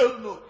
elnök